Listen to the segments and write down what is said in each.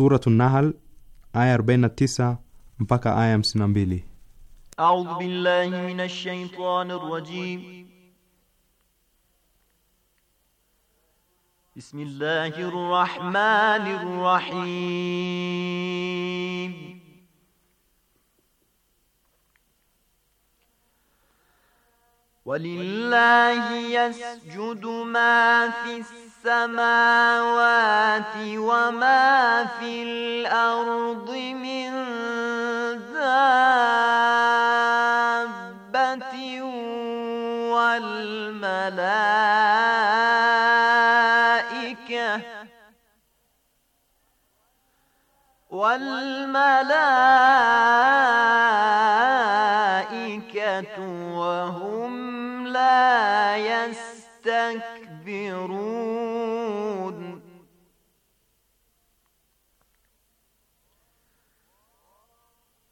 Suratu Nahl aya 49 mpaka aya 52. A'udhu billahi minash shaitani rrajim. Bismillahir rahmanir rahim. ولله يسجد ما في السماوات وما في الأرض من دابة والملائكة والملائكة وهو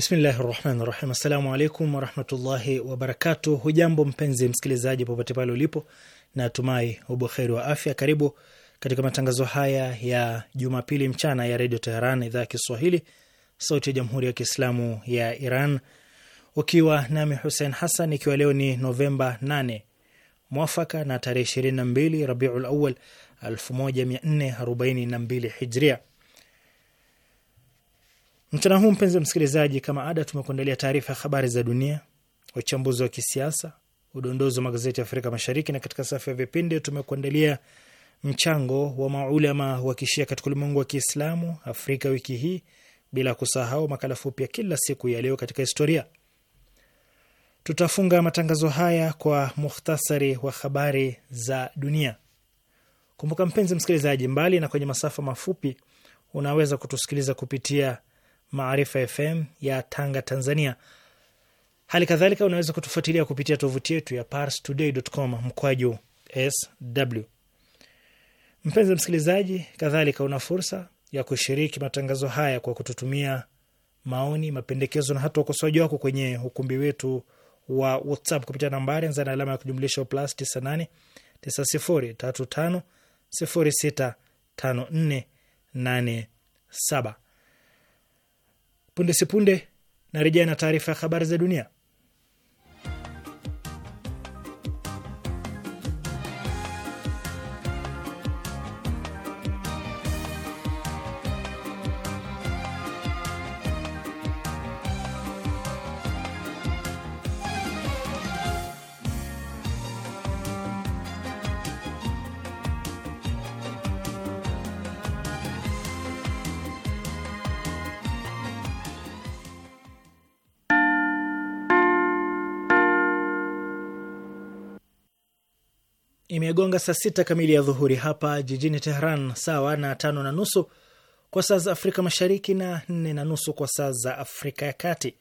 Bismillahi rahmani rahim. Assalamu alaikum warahmatullahi wabarakatuh. Hujambo mpenzi msikilizaji, popote pale ulipo, na tumai ubuheri wa afya. Karibu katika matangazo haya ya Jumapili mchana ya Redio Teheran, idhaa ya Kiswahili, sauti ya Jamhuri ya Kiislamu ya Iran, ukiwa nami Hussein Hassan, ikiwa leo ni Novemba 8 mwafaka na tarehe 22 Rabiul Awal 1442 Hijria. Mchana huu mpenzi msikilizaji, kama ada, tumekuandalia taarifa ya habari za dunia, uchambuzi wa kisiasa, udondozi wa magazeti ya Afrika Mashariki, na katika safu ya vipindi tumekuandalia mchango wa maulama wa kishia katika ulimwengu wa Kiislamu Afrika wiki hii, bila kusahau makala fupi ya kila siku ya leo katika historia. Tutafunga matangazo haya kwa muhtasari wa habari za dunia. Kumbuka mpenzi msikilizaji, mbali na kwenye masafa mafupi, unaweza kutusikiliza kupitia Maarifa FM ya Tanga, Tanzania. Hali kadhalika unaweza kutufuatilia kupitia tovuti yetu ya parstoday.com mkwaju sw. Mpenzi msikilizaji, kadhalika una fursa ya kushiriki matangazo haya kwa kututumia maoni, mapendekezo na hata ukosoaji wako kwenye ukumbi wetu wa WhatsApp kupitia nambari anza na alama ya kujumlisha plus 98 9035 Punde sipunde narejea na taarifa ya habari za dunia. zimegonga saa sita kamili ya dhuhuri hapa jijini Tehran, sawa na tano na nusu kwa saa za Afrika Mashariki na nne na nusu kwa saa za Afrika ya Kati.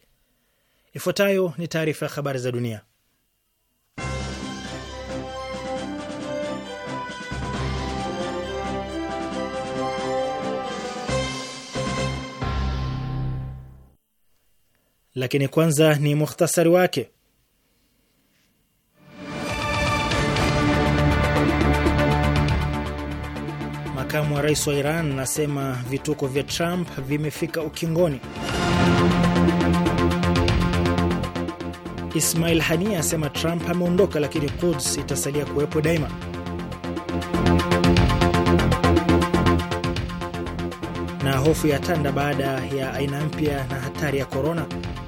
Ifuatayo ni taarifa ya habari za dunia, lakini kwanza ni mukhtasari wake. makamu wa rais wa Iran anasema vituko vya Trump vimefika ukingoni. Ismail Hania asema Trump ameondoka lakini Quds itasalia kuwepo daima. Na hofu ya tanda baada ya aina mpya na hatari ya korona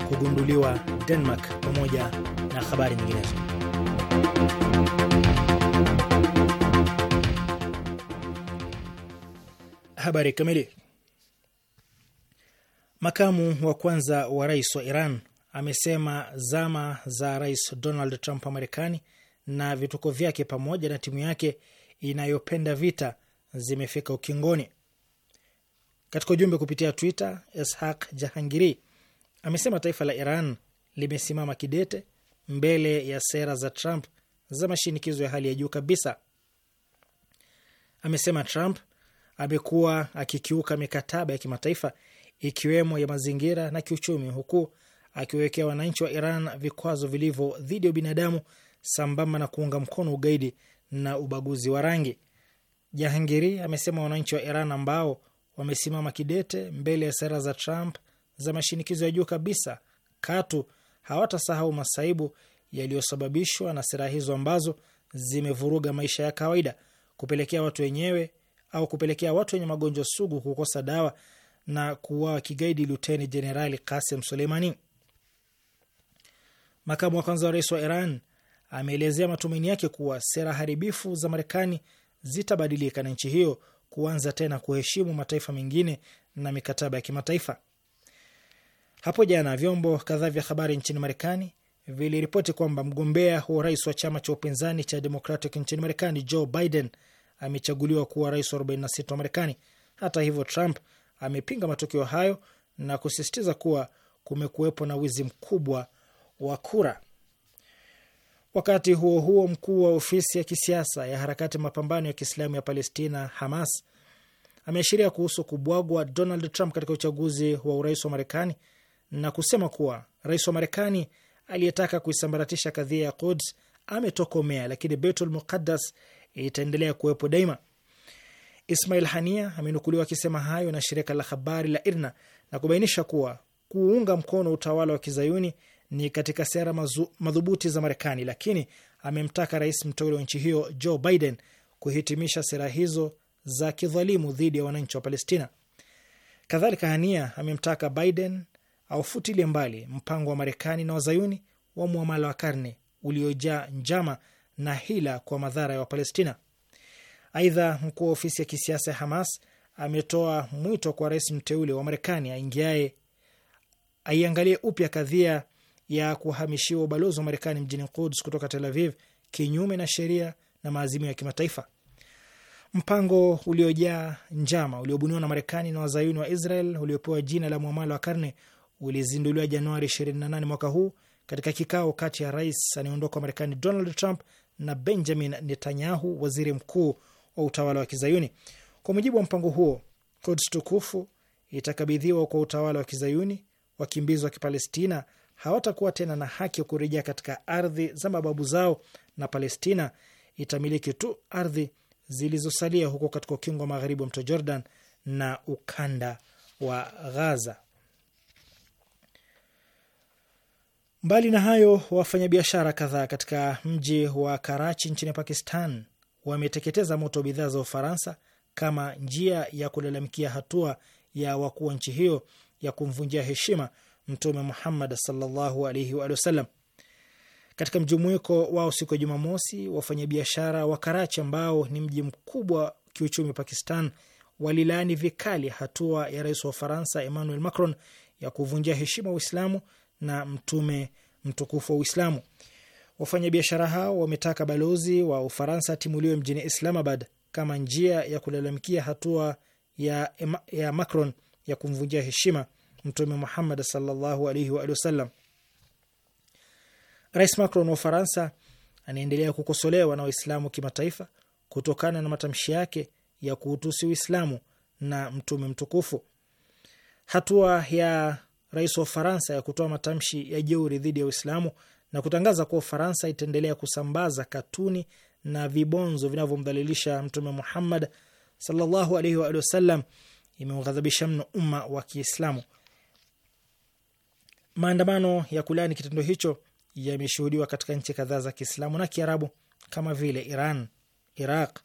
kugunduliwa Denmark, pamoja na habari nyinginezo. Habari kamili. Makamu wa kwanza wa rais wa Iran amesema zama za Rais Donald Trump wa Marekani na vituko vyake pamoja na timu yake inayopenda vita zimefika ukingoni. Katika ujumbe kupitia Twitter, Ishaq Jahangiri amesema taifa la Iran limesimama kidete mbele ya sera za Trump za mashinikizo ya hali ya juu kabisa. Amesema Trump amekuwa akikiuka mikataba ya kimataifa ikiwemo ya mazingira na kiuchumi, huku akiwekea wananchi wa Iran vikwazo vilivyo dhidi ya binadamu sambamba na kuunga mkono ugaidi na ubaguzi wa rangi. Jahangiri amesema wananchi wa Iran ambao wamesimama kidete mbele ya sera za Trump za mashinikizo ya juu kabisa katu hawatasahau masaibu yaliyosababishwa na sera hizo ambazo zimevuruga maisha ya kawaida kupelekea watu wenyewe au kupelekea watu wenye magonjwa sugu kukosa dawa na kuuawa kigaidi Luteni Jenerali Kasem Suleimani. Makamu wa kwanza wa rais wa Iran ameelezea matumaini yake kuwa sera haribifu za Marekani zitabadilika na nchi hiyo kuanza tena kuheshimu mataifa mengine na mikataba ya kimataifa. Hapo jana vyombo kadhaa vya habari nchini Marekani viliripoti kwamba mgombea wa rais wa chama cha upinzani cha Democratic nchini Marekani, Joe Biden amechaguliwa kuwa rais wa 46 wa Marekani. Hata hivyo, Trump amepinga matokeo hayo na kusisitiza kuwa kumekuwepo na wizi mkubwa wa kura. Wakati huo huo, mkuu wa ofisi ya kisiasa ya harakati mapambano ya Kiislamu ya Palestina, Hamas, ameashiria kuhusu kubwagwa Donald Trump katika uchaguzi wa urais wa Marekani na kusema kuwa rais wa Marekani aliyetaka kuisambaratisha kadhia ya Quds ametokomea, lakini Beitul Muqaddas itaendelea kuwepo daima. Ismail Hania amenukuliwa akisema hayo na shirika la habari la IRNA na kubainisha kuwa kuunga mkono utawala wa kizayuni ni katika sera madhubuti za Marekani, lakini amemtaka rais mteule wa nchi hiyo Joe Biden kuhitimisha sera hizo za kidhalimu dhidi ya wananchi wa Palestina. Kadhalika, Hania amemtaka Biden aufutilie mbali mpango wa Marekani na wazayuni wa muamala wa karne uliojaa njama na hila kwa madhara ya Wapalestina. Aidha, mkuu wa ofisi ya kisiasa ya Hamas ametoa mwito kwa rais mteule wa Marekani aingiae aiangalie upya kadhia ya kuhamishiwa ubalozi wa Marekani mjini Quds kutoka Tel Aviv kinyume na sheria na maazimio ya kimataifa. Mpango uliojaa njama uliobuniwa na Marekani na wazayuni wa Israel uliopewa jina la mwamala wa karne ulizinduliwa Januari 28 mwaka huu katika kikao kati ya rais anayeondoka wa Marekani Donald Trump na Benjamin Netanyahu, waziri mkuu wa utawala wa Kizayuni. Kwa mujibu wa mpango huo, Kuds tukufu itakabidhiwa kwa utawala wa Kizayuni. Wakimbizi wa Kipalestina hawatakuwa tena na haki ya kurejea katika ardhi za mababu zao, na Palestina itamiliki tu ardhi zilizosalia huko katika ukingo wa magharibi wa mto Jordan na ukanda wa Ghaza. Mbali na hayo, wafanyabiashara kadhaa katika mji wa Karachi nchini Pakistan wameteketeza moto bidhaa za Ufaransa kama njia ya kulalamikia hatua ya wakuu wa nchi hiyo ya kumvunjia heshima Mtume Muhammad sallallahu alaihi wa sallam. Katika mjumuiko wao siku ya Jumamosi, wafanyabiashara wa Karachi ambao ni mji mkubwa kiuchumi Pakistan walilaani vikali hatua ya rais wa Ufaransa Emmanuel Macron ya kuvunjia heshima Uislamu na mtume mtukufu wa Uislamu. Wafanyabiashara hao wametaka balozi wa Ufaransa timuliwe mjini Islamabad kama njia ya kulalamikia hatua ya, ya Macron ya kumvunjia heshima Mtume Muhammad sallallahu alaihi wa sallam. Rais Macron wa Ufaransa anaendelea kukosolewa na Waislamu kimataifa kutokana na matamshi yake ya kuhutusi Uislamu na mtume mtukufu. Hatua ya rais wa Ufaransa ya kutoa matamshi ya jeuri dhidi ya Uislamu na kutangaza kuwa Ufaransa itaendelea kusambaza katuni na vibonzo vinavyomdhalilisha Mtume Muhammad sallallahu alaihi wa wasallam imeughadhabisha mno umma wa Kiislamu. Maandamano ya kulani kitendo hicho yameshuhudiwa katika nchi kadhaa za Kiislamu na Kiarabu kama vile Iran, Iraq,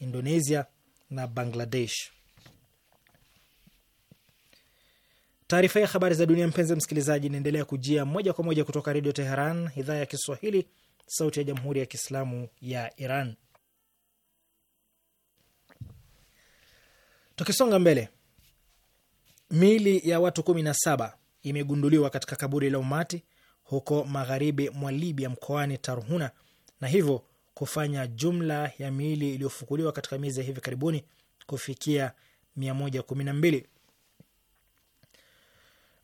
Indonesia na Bangladesh. Taarifa ya habari za dunia, mpenzi msikilizaji, inaendelea kujia moja kwa moja kutoka Redio Teheran, idhaa ya Kiswahili, sauti ya Jamhuri ya Kiislamu ya Iran. Tukisonga mbele, miili ya watu kumi na saba imegunduliwa katika kaburi la umati huko magharibi mwa Libya mkoani Tarhuna na hivyo kufanya jumla ya miili iliyofukuliwa katika miezi ya hivi karibuni kufikia mia moja kumi na mbili.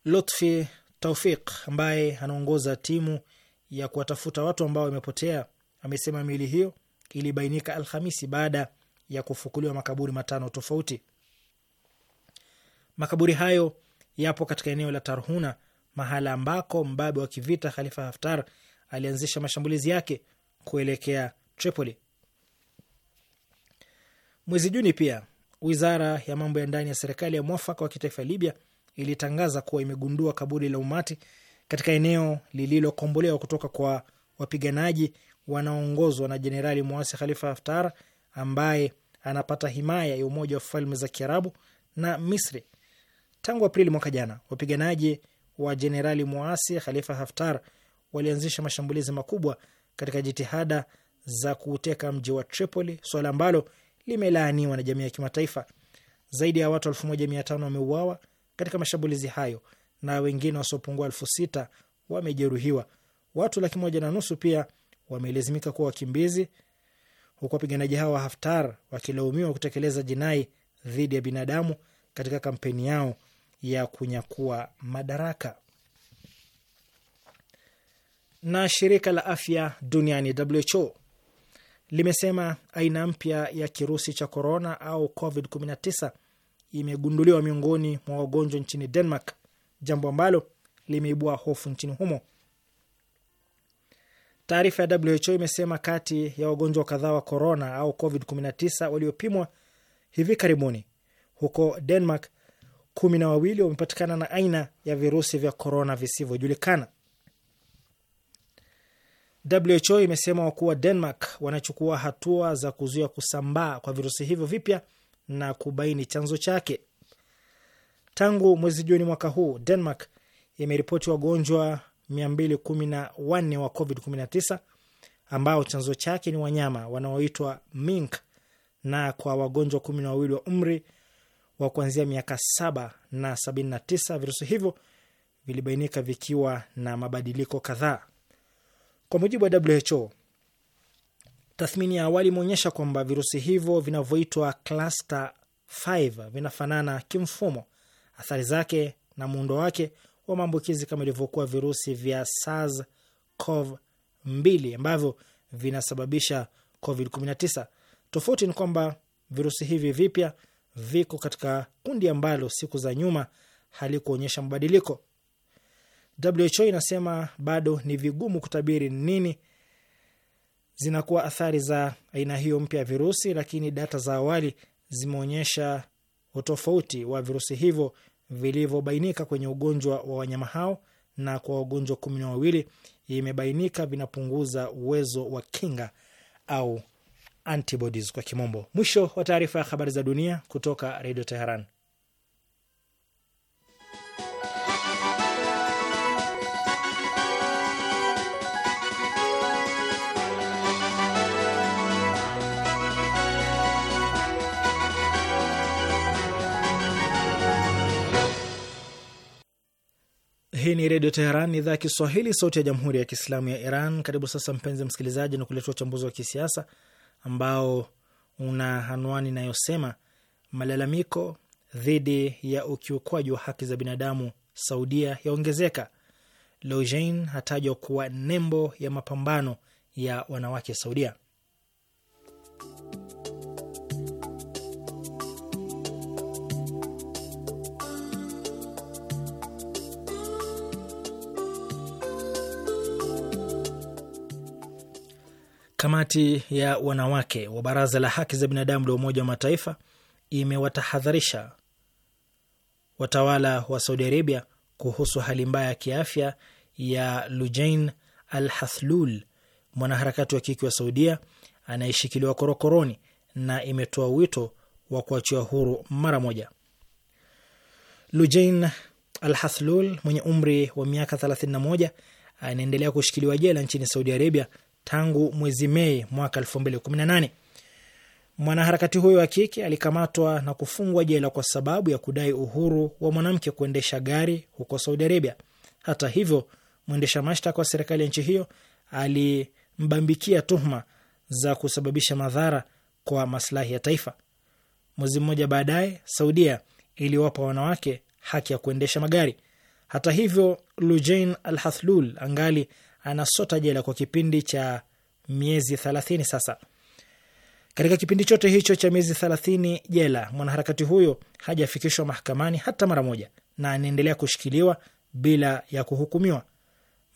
Lutfi Taufik ambaye anaongoza timu ya kuwatafuta watu ambao wamepotea amesema miili hiyo ilibainika Alhamisi baada ya kufukuliwa makaburi matano tofauti. Makaburi hayo yapo katika eneo la Tarhuna, mahala ambako mbabe wa kivita Khalifa Haftar alianzisha mashambulizi yake kuelekea Tripoli mwezi Juni. Pia wizara ya mambo ya ndani ya serikali ya mwafaka wa kitaifa Libya ilitangaza kuwa imegundua kaburi la umati katika eneo lililokombolewa kutoka kwa wapiganaji wanaoongozwa na jenerali mwasi Khalifa Haftar ambaye anapata himaya ya Umoja wa Falme za Kiarabu na Misri. Tangu Aprili mwaka jana, wapiganaji wa jenerali mwasi Khalifa Haftar walianzisha mashambulizi makubwa katika jitihada za kuuteka mji wa Tripoli, swala ambalo limelaaniwa na jamii ya kimataifa. Zaidi ya watu elfu moja mia tano wameuawa katika mashambulizi hayo na wengine wasiopungua elfu sita wamejeruhiwa. Watu laki moja na nusu pia wamelazimika kuwa wakimbizi, huku wapiganaji hao wa Haftar wakilaumiwa kutekeleza jinai dhidi ya binadamu katika kampeni yao ya kunyakua madaraka. Na shirika la afya duniani WHO limesema aina mpya ya kirusi cha korona au COVID-19 imegunduliwa miongoni mwa wagonjwa nchini Denmark, jambo ambalo limeibua hofu nchini humo. Taarifa ya WHO imesema kati ya wagonjwa kadhaa wa corona au COVID-19 waliopimwa hivi karibuni huko Denmark, kumi na wawili wamepatikana na aina ya virusi vya korona visivyojulikana. WHO imesema wakuu wa Denmark wanachukua hatua za kuzuia kusambaa kwa virusi hivyo vipya na kubaini chanzo chake. Tangu mwezi Juni mwaka huu, Denmark imeripoti wagonjwa 214 wa COVID-19 ambao chanzo chake ni wanyama wanaoitwa mink, na kwa wagonjwa kumi na wawili wa umri wa kuanzia miaka saba na sabini na tisa virusi hivyo vilibainika vikiwa na mabadiliko kadhaa. Kwa mujibu wa WHO, Tathmini ya awali imeonyesha kwamba virusi hivyo vinavyoitwa cluster 5 vinafanana kimfumo, athari zake na muundo wake wa maambukizi kama ilivyokuwa virusi vya SARS CoV 2 ambavyo vinasababisha COVID-19. Tofauti ni kwamba virusi hivi vipya viko katika kundi ambalo siku za nyuma halikuonyesha mabadiliko. WHO inasema bado ni vigumu kutabiri nini zinakuwa athari za aina hiyo mpya ya virusi, lakini data za awali zimeonyesha utofauti wa virusi hivyo vilivyobainika kwenye ugonjwa wa wanyama hao, na kwa wagonjwa kumi na wawili imebainika vinapunguza uwezo wa kinga au antibodies kwa kimombo. Mwisho wa taarifa ya habari za dunia kutoka Redio Teheran. Hii ni Redio Teheran, idhaa ya Kiswahili, sauti ya Jamhuri ya Kiislamu ya Iran. Karibu sasa, mpenzi msikilizaji, na kuletea uchambuzi wa kisiasa ambao una anwani inayosema malalamiko dhidi ya ukiukwaji wa haki za binadamu Saudia yaongezeka. Lojein hatajwa kuwa nembo ya mapambano ya wanawake Saudia. Kamati ya wanawake wa Baraza la Haki za Binadamu la Umoja wa Mataifa imewatahadharisha watawala wa Saudi Arabia kuhusu hali mbaya ya kiafya ya Lujain Al Hathlul, mwanaharakati wa kike wa Saudia anayeshikiliwa korokoroni na imetoa wito wa kuachiwa huru mara moja. Lujain Al Hathlul mwenye umri wa miaka 31 anaendelea kushikiliwa jela nchini Saudi Arabia tangu mwezi Mei mwaka 2018. Mwanaharakati huyo wa kike alikamatwa na kufungwa jela kwa sababu ya kudai uhuru wa mwanamke kuendesha gari huko Saudi Arabia. Hata hivyo, mwendesha mashtaka wa serikali ya nchi hiyo alimbambikia tuhuma za kusababisha madhara kwa maslahi ya taifa. Mwezi mmoja baadaye, Saudia iliwapa wanawake haki ya kuendesha magari. Hata hivyo, Lujain Al Hathlul angali anasota jela kwa kipindi cha miezi thelathini sasa. Katika kipindi chote hicho cha miezi thelathini jela, mwanaharakati huyo hajafikishwa mahakamani hata mara moja na anaendelea kushikiliwa bila ya kuhukumiwa.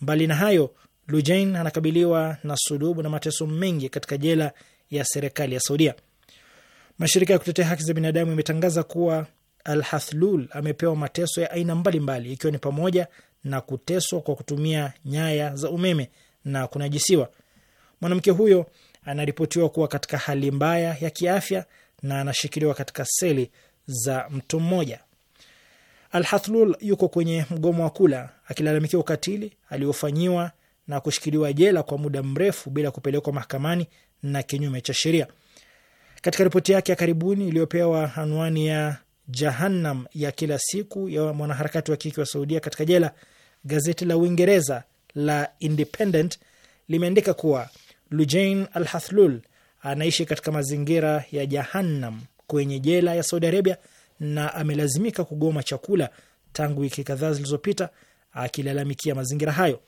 Mbali na hayo, Lujain anakabiliwa na sulubu na mateso mengi katika jela ya serikali ya Saudia. Mashirika ya kutetea haki za binadamu imetangaza kuwa Alhathlul amepewa mateso ya aina mbalimbali, ikiwa ni pamoja na kuteswa kwa kutumia nyaya za umeme na kunajisiwa. Mwanamke huyo anaripotiwa kuwa katika hali mbaya ya kiafya na anashikiliwa katika seli za mtu mmoja. Alhathlul yuko kwenye mgomo wa kula akilalamikia ukatili aliofanyiwa na kushikiliwa jela kwa muda mrefu bila kupelekwa mahakamani na kinyume cha sheria. Katika ripoti yake ya karibuni iliyopewa anwani ya Jahannam ya kila siku ya mwanaharakati wa kike wa Saudia katika jela, gazeti la Uingereza la Independent limeandika kuwa Lujain Al Hathlul anaishi katika mazingira ya jahannam kwenye jela ya Saudi Arabia na amelazimika kugoma chakula tangu wiki kadhaa zilizopita akilalamikia mazingira hayo.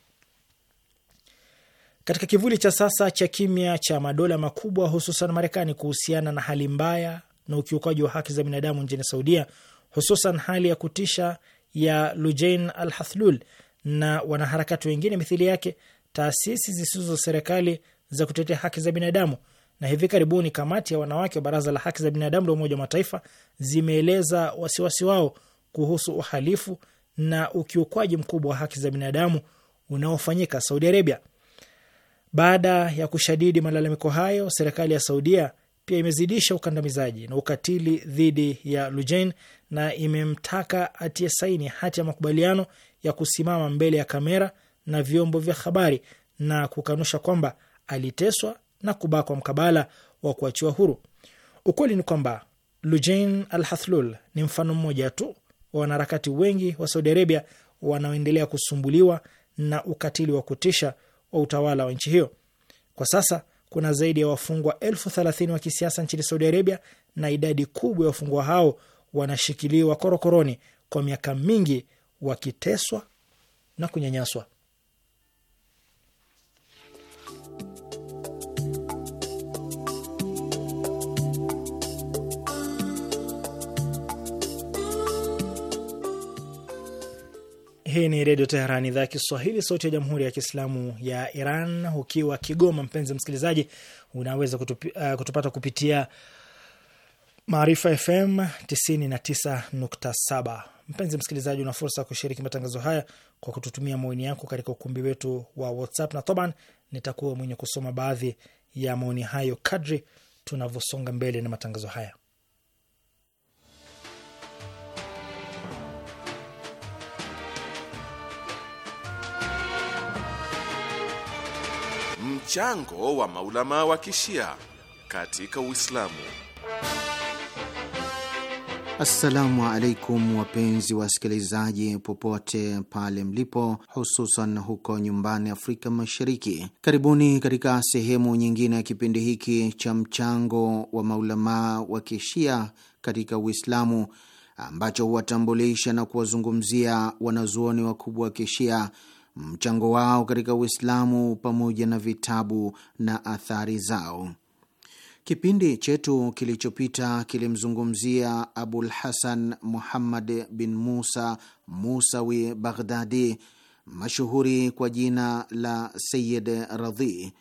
Katika kivuli cha sasa cha kimya cha madola makubwa hususan Marekani kuhusiana na hali mbaya na ukiukaji wa haki za binadamu nchini Saudia, hususan hali ya kutisha ya Lujain Al Hathlul, na wanaharakati wengine mithili yake taasisi zisizo serikali za kutetea haki za binadamu. Na hivi karibuni kamati ya wanawake wa baraza la haki za binadamu la Umoja wa Mataifa zimeeleza wasiwasi wao kuhusu uhalifu na ukiukwaji mkubwa wa haki za binadamu unaofanyika Saudi Arabia. Baada ya kushadidi malalamiko hayo, serikali ya Saudia pia imezidisha ukandamizaji na ukatili dhidi ya Lujain na imemtaka atie saini hati ya makubaliano ya kusimama mbele ya kamera na vyombo vya habari na kukanusha kwamba aliteswa na kubakwa mkabala wa kuachiwa huru. Ukweli ni kwamba Lujain Al-Hathlul ni mfano mmoja tu wa wanaharakati wengi wa Saudi Arabia wanaoendelea kusumbuliwa na ukatili wa kutisha wa utawala wa nchi hiyo. Kwa sasa kuna zaidi ya wafungwa elfu thelathini wa kisiasa nchini Saudi Arabia, na idadi kubwa ya wafungwa hao wanashikiliwa korokoroni kwa miaka mingi wakiteswa na kunyanyaswa. Hii ni Redio Teheran, idhaa ya Kiswahili, sauti ya Jamhuri ya Kiislamu ya Iran. Ukiwa Kigoma, mpenzi msikilizaji, unaweza kutupi, uh, kutupata kupitia Maarifa FM 99.7. Mpenzi msikilizaji, una fursa ya kushiriki matangazo haya kwa kututumia maoni yako katika ukumbi wetu wa WhatsApp na toban, nitakuwa mwenye kusoma baadhi ya maoni hayo kadri tunavyosonga mbele na matangazo haya. Mchango wa maulama wa kishia katika Uislamu. Assalamu alaikum wapenzi wasikilizaji, popote pale mlipo, hususan huko nyumbani Afrika Mashariki. Karibuni katika sehemu nyingine ya kipindi hiki cha mchango wa maulamaa wa kishia katika Uislamu ambacho huwatambulisha na kuwazungumzia wanazuoni wakubwa wa kishia mchango wao katika Uislamu pamoja na vitabu na athari zao. Kipindi chetu kilichopita kilimzungumzia Abul Hasan Muhammad bin Musa Musawi Baghdadi, mashuhuri kwa jina la Sayid Radhi,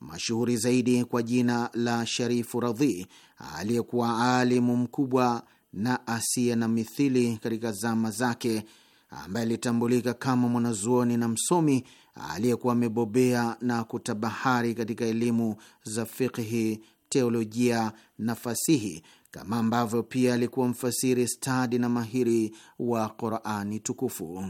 mashuhuri zaidi kwa jina la Sharifu Radhi, aliyekuwa alimu mkubwa na asiye na mithili katika zama zake ambaye alitambulika kama mwanazuoni na msomi aliyekuwa amebobea na kutabahari katika elimu za fikhi, teolojia na fasihi, kama ambavyo pia alikuwa mfasiri stadi na mahiri wa Qurani Tukufu.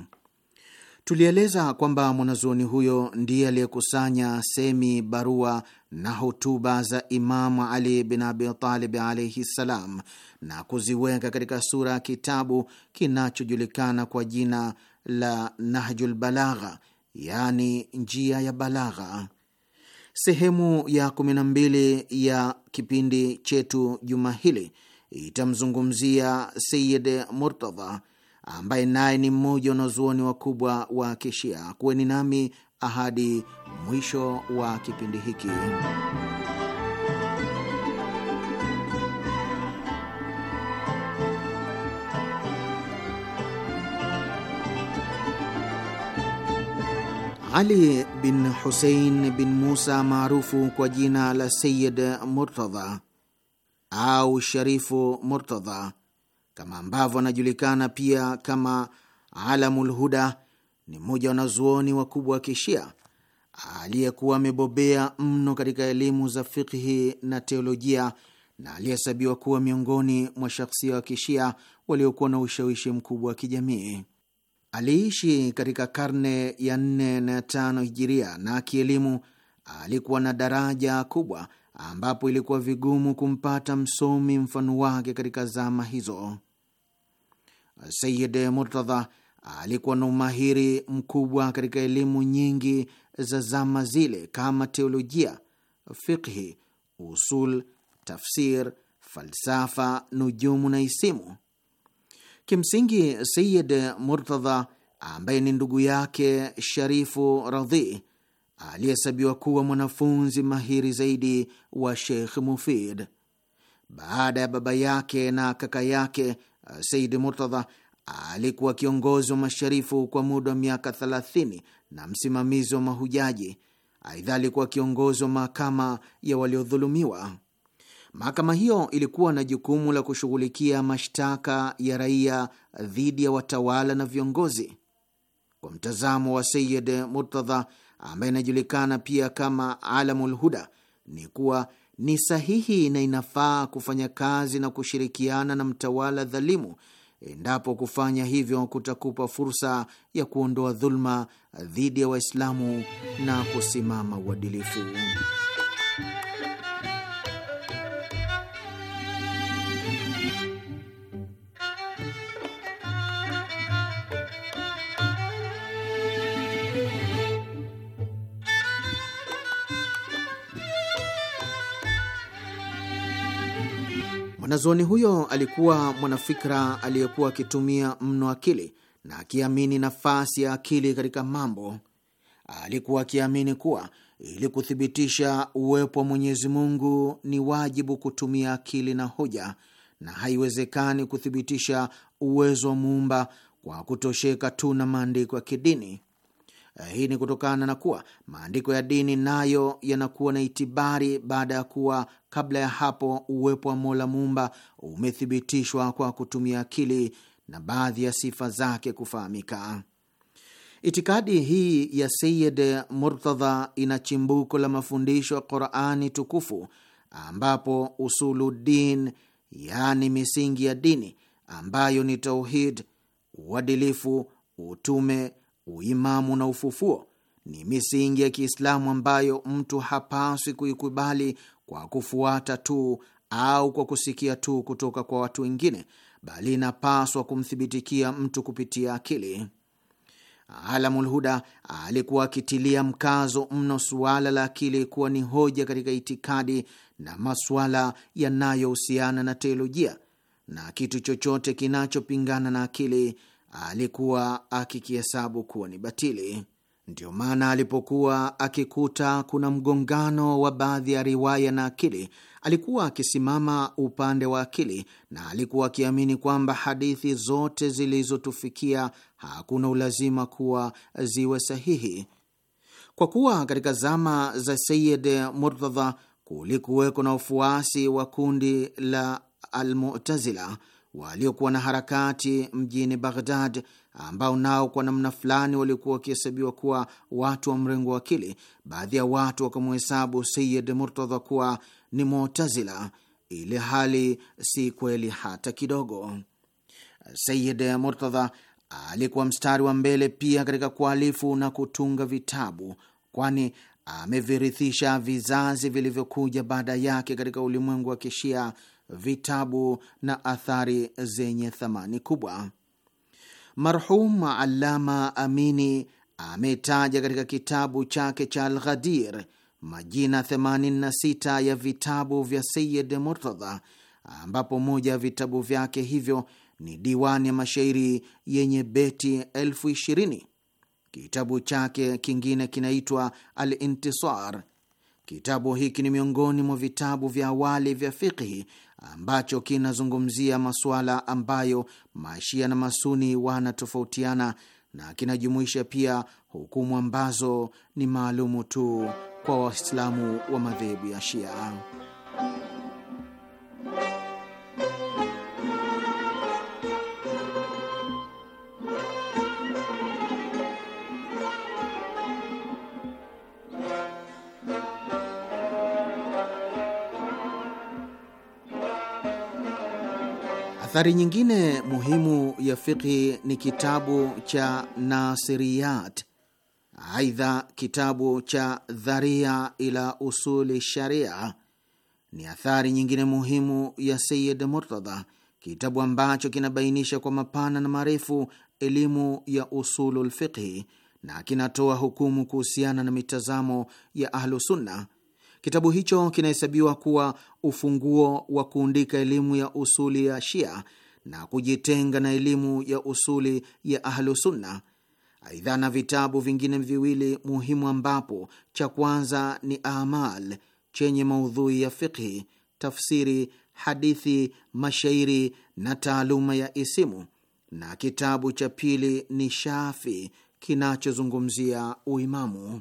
Tulieleza kwamba mwanazuoni huyo ndiye aliyekusanya semi, barua na hutuba za Imamu Ali bin Abi Talib alaihi ssalam na kuziweka katika sura ya kitabu kinachojulikana kwa jina la Nahjul Balagha, yani njia ya balagha. Sehemu ya 12 ya kipindi chetu juma hili itamzungumzia Sayid Murtadha ambaye naye ni mmoja wanazuoni wakubwa wa Kishia. Kuweni nami ahadi mwisho wa kipindi hiki. Ali bin Husein bin Musa maarufu kwa jina la Sayid Murtadha au Sharifu Murtadha kama ambavyo anajulikana pia kama Alamul Huda ni mmoja wa wanazuoni wakubwa wa Kishia aliyekuwa amebobea mno katika elimu za fikhi na teolojia na aliyehesabiwa kuwa miongoni mwa shakhsia wa Kishia waliokuwa na ushawishi mkubwa wa kijamii. Aliishi katika karne ya nne na ya tano hijiria, na kielimu alikuwa na daraja kubwa ambapo ilikuwa vigumu kumpata msomi mfano wake katika zama hizo. Sayid Murtadha alikuwa na umahiri mkubwa katika elimu nyingi za zama zile kama teolojia, fikhi, usul, tafsir, falsafa, nujumu na isimu. Kimsingi, Sayid Murtadha ambaye ni ndugu yake Sharifu Radhi aliyehesabiwa kuwa mwanafunzi mahiri zaidi wa Sheikh Mufid. Baada ya baba yake na kaka yake, Sayid Murtadha alikuwa kiongozi wa masharifu kwa muda wa miaka 30 na msimamizi wa mahujaji. Aidha, alikuwa kiongozi wa mahakama ya waliodhulumiwa. Mahakama hiyo ilikuwa na jukumu la kushughulikia mashtaka ya raia dhidi ya watawala na viongozi. Kwa mtazamo wa Sayid Murtadha ambaye inajulikana pia kama Alamul Huda ni kuwa ni sahihi na inafaa kufanya kazi na kushirikiana na mtawala dhalimu endapo kufanya hivyo kutakupa fursa ya kuondoa dhuluma dhidi ya Waislamu na kusimama uadilifu. Mwanazuoni huyo alikuwa mwanafikra aliyekuwa akitumia mno akili na akiamini nafasi ya akili katika mambo. Alikuwa akiamini kuwa ili kuthibitisha uwepo wa Mwenyezi Mungu ni wajibu kutumia akili na hoja, na haiwezekani kuthibitisha uwezo wa muumba kwa kutosheka tu na maandiko ya kidini. Hii ni kutokana na kuwa maandiko ya dini nayo yanakuwa na itibari baada ya kuwa kabla ya hapo uwepo wa Mola muumba umethibitishwa kwa kutumia akili na baadhi ya sifa zake kufahamika. Itikadi hii ya Sayid Murtadha ina chimbuko la mafundisho ya Qurani tukufu ambapo din, yaani misingi ya dini ambayo ni tauhid, uadilifu, utume uimamu na ufufuo ni misingi ya Kiislamu ambayo mtu hapaswi kuikubali kwa kufuata tu au kwa kusikia tu kutoka kwa watu wengine, bali inapaswa kumthibitikia mtu kupitia akili. Alamul Huda alikuwa akitilia mkazo mno suala la akili kuwa ni hoja katika itikadi na masuala yanayohusiana na teolojia, na kitu chochote kinachopingana na akili alikuwa akikihesabu kuwa ni batili. Ndiyo maana alipokuwa akikuta kuna mgongano wa baadhi ya riwaya na akili, alikuwa akisimama upande wa akili, na alikuwa akiamini kwamba hadithi zote zilizotufikia hakuna ulazima kuwa ziwe sahihi, kwa kuwa katika zama za Sayid Murtadha kulikuweko na ufuasi wa kundi la Almutazila waliokuwa na harakati mjini Baghdad, ambao nao kwa namna fulani walikuwa wakihesabiwa kuwa watu wa mrengo wa Baadhi ya watu wakamuhesabu Sayid Murtadha kuwa ni Mutazila, ili hali si kweli hata kidogo. Sayid Murtadha alikuwa mstari wa mbele pia katika kualifu na kutunga vitabu, kwani amevirithisha vizazi vilivyokuja baada yake katika ulimwengu wa Kishia vitabu na athari zenye thamani kubwa. Marhum Allama Amini ametaja katika kitabu chake cha Alghadir majina 86 ya vitabu vya Sayid Murtadha, ambapo moja ya vitabu vyake hivyo ni diwani ya mashairi yenye beti elfu ishirini. Kitabu chake kingine kinaitwa alintisar Kitabu hiki ni miongoni mwa vitabu vya awali vya fikhi ambacho kinazungumzia masuala ambayo Mashia na Masuni wanatofautiana na kinajumuisha pia hukumu ambazo ni maalumu tu kwa Waislamu wa madhehebu ya Shia. Athari nyingine muhimu ya fiqhi ni kitabu cha Nasiriyat. Aidha, kitabu cha Dharia ila Usuli Sharia ni athari nyingine muhimu ya Sayid Murtadha, kitabu ambacho kinabainisha kwa mapana na marefu elimu ya usulul fiqhi na kinatoa hukumu kuhusiana na mitazamo ya Ahlusunna. Kitabu hicho kinahesabiwa kuwa ufunguo wa kuundika elimu ya usuli ya Shia na kujitenga na elimu ya usuli ya Ahlusunna. Aidha, na vitabu vingine viwili muhimu, ambapo cha kwanza ni Amal chenye maudhui ya fiqhi, tafsiri, hadithi, mashairi na taaluma ya isimu, na kitabu cha pili ni Shafi kinachozungumzia uimamu.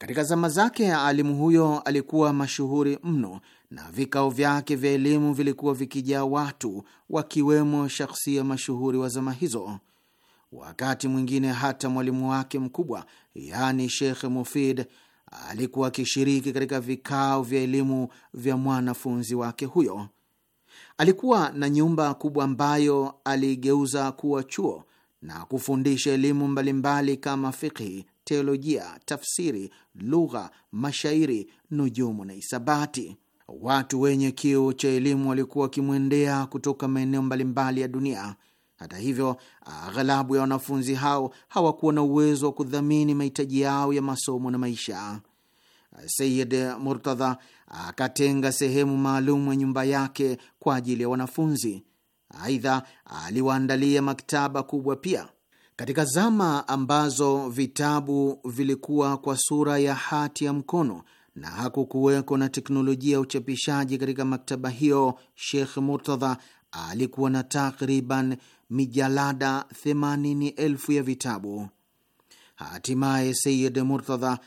Katika zama zake alimu huyo alikuwa mashuhuri mno na vikao vyake vya elimu vilikuwa vikijaa watu wakiwemo shakhsia mashuhuri wa zama hizo. Wakati mwingine hata mwalimu wake mkubwa, yaani Shekhe Mufid, alikuwa akishiriki katika vikao vya elimu vya mwanafunzi wake huyo. Alikuwa na nyumba kubwa ambayo aliigeuza kuwa chuo na kufundisha elimu mbalimbali kama fikhi, teolojia, tafsiri, lugha, mashairi, nujumu na isabati. Watu wenye kiu cha elimu walikuwa wakimwendea kutoka maeneo mbalimbali ya dunia. Hata hivyo, aghalabu ya wanafunzi hao hawakuwa na uwezo wa kudhamini mahitaji yao ya masomo na maisha. Sayid Murtadha akatenga sehemu maalum ya nyumba yake kwa ajili ya wanafunzi. Aidha, aliwaandalia maktaba kubwa pia katika zama ambazo vitabu vilikuwa kwa sura ya hati ya mkono na hakukuweko na teknolojia ya uchapishaji katika maktaba hiyo, Sheikh Murtadha alikuwa na takriban mijalada themanini ya vitabu. Hatimaye Sayid Murtadha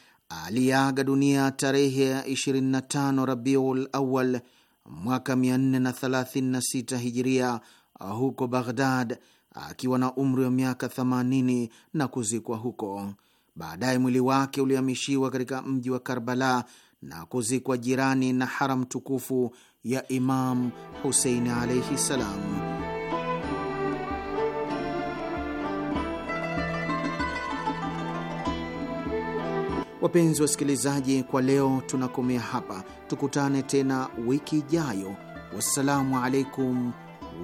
aliaga dunia tarehe ya 25 Rabiul Awal mwaka 436 Hijiria huko Baghdad akiwa na umri wa miaka 80 na kuzikwa huko. Baadaye mwili wake ulihamishiwa katika mji wa Karbala na kuzikwa jirani na haram tukufu ya Imam Husein alaihi salam. Wapenzi wasikilizaji, kwa leo tunakomea hapa, tukutane tena wiki ijayo. Wassalamu alaikum